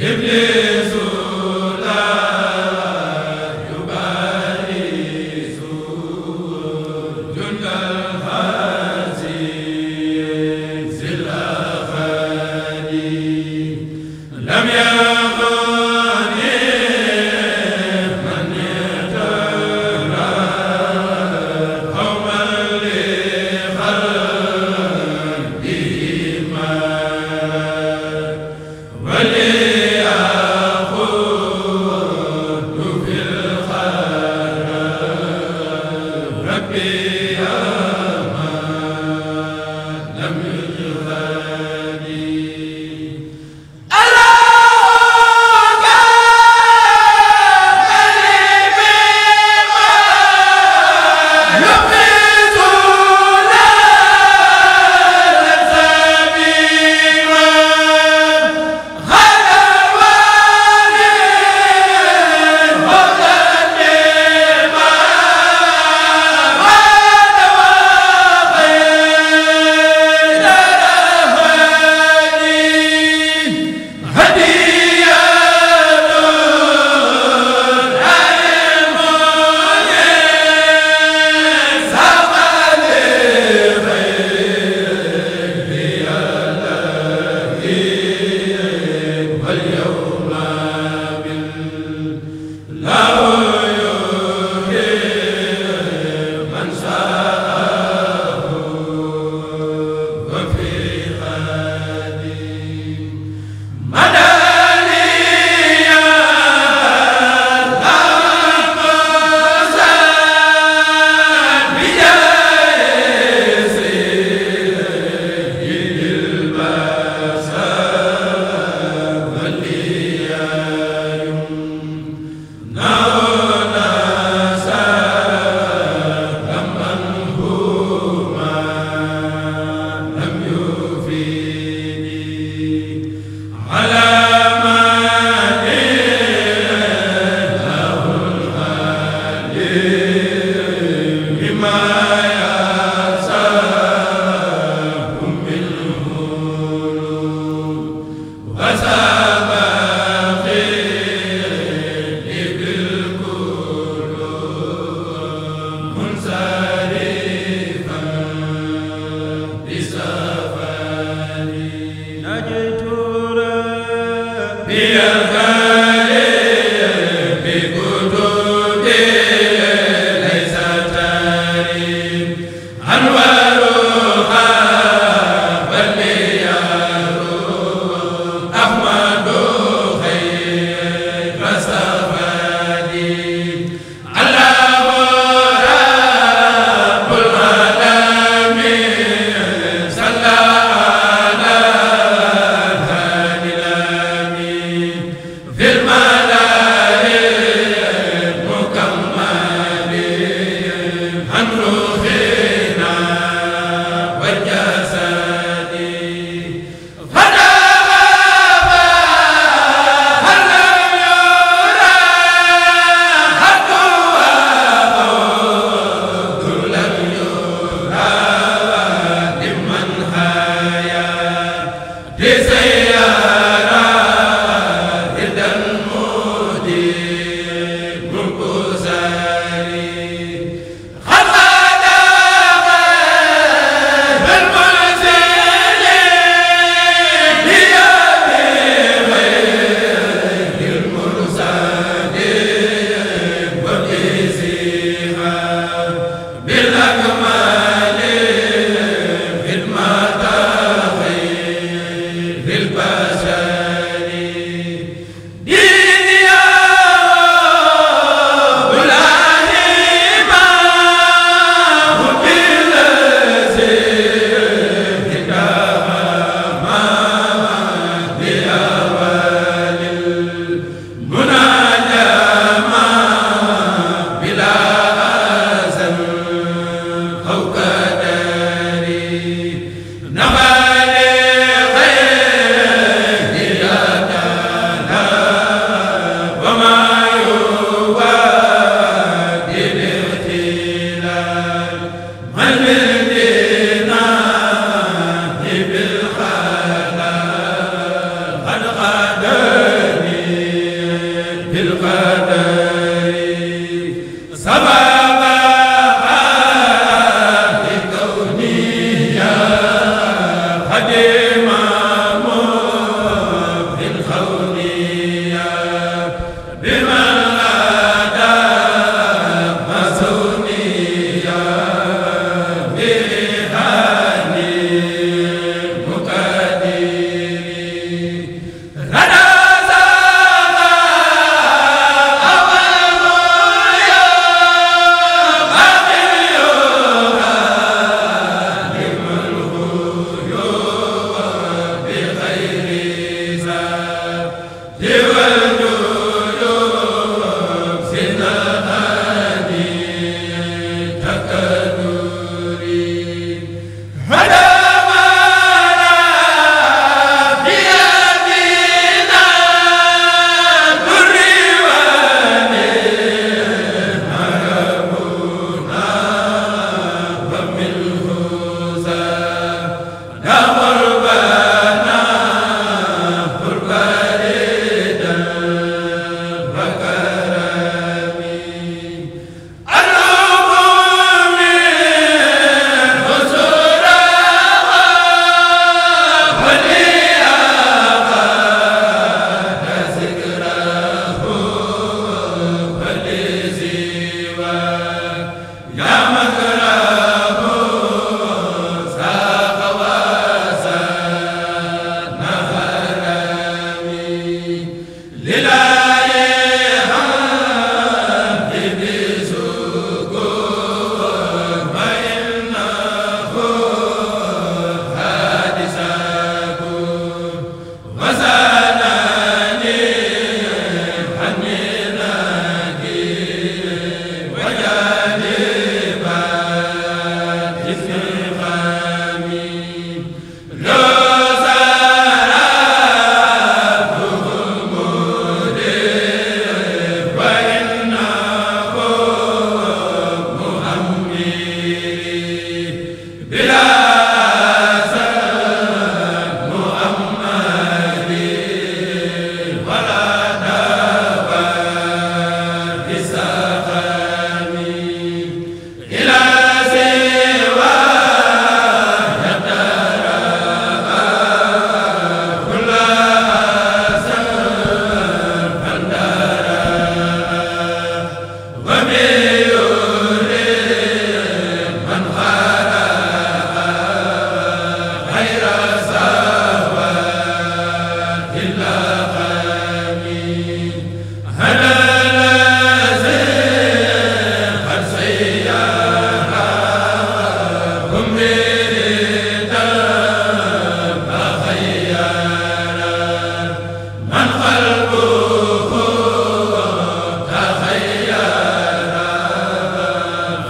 Ibni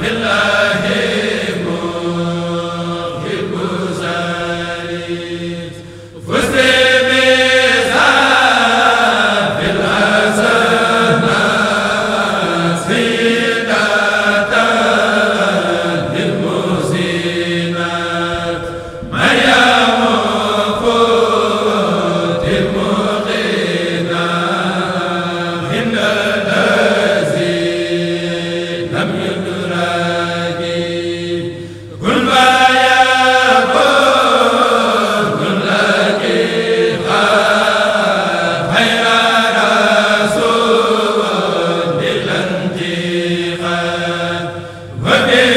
billah wa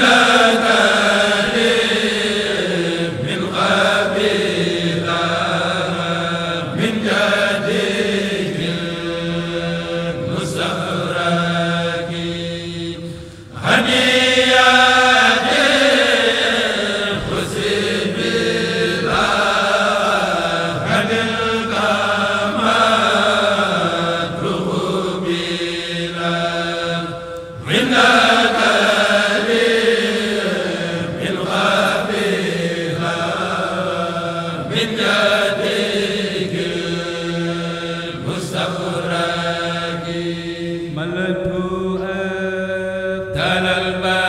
na dalal ba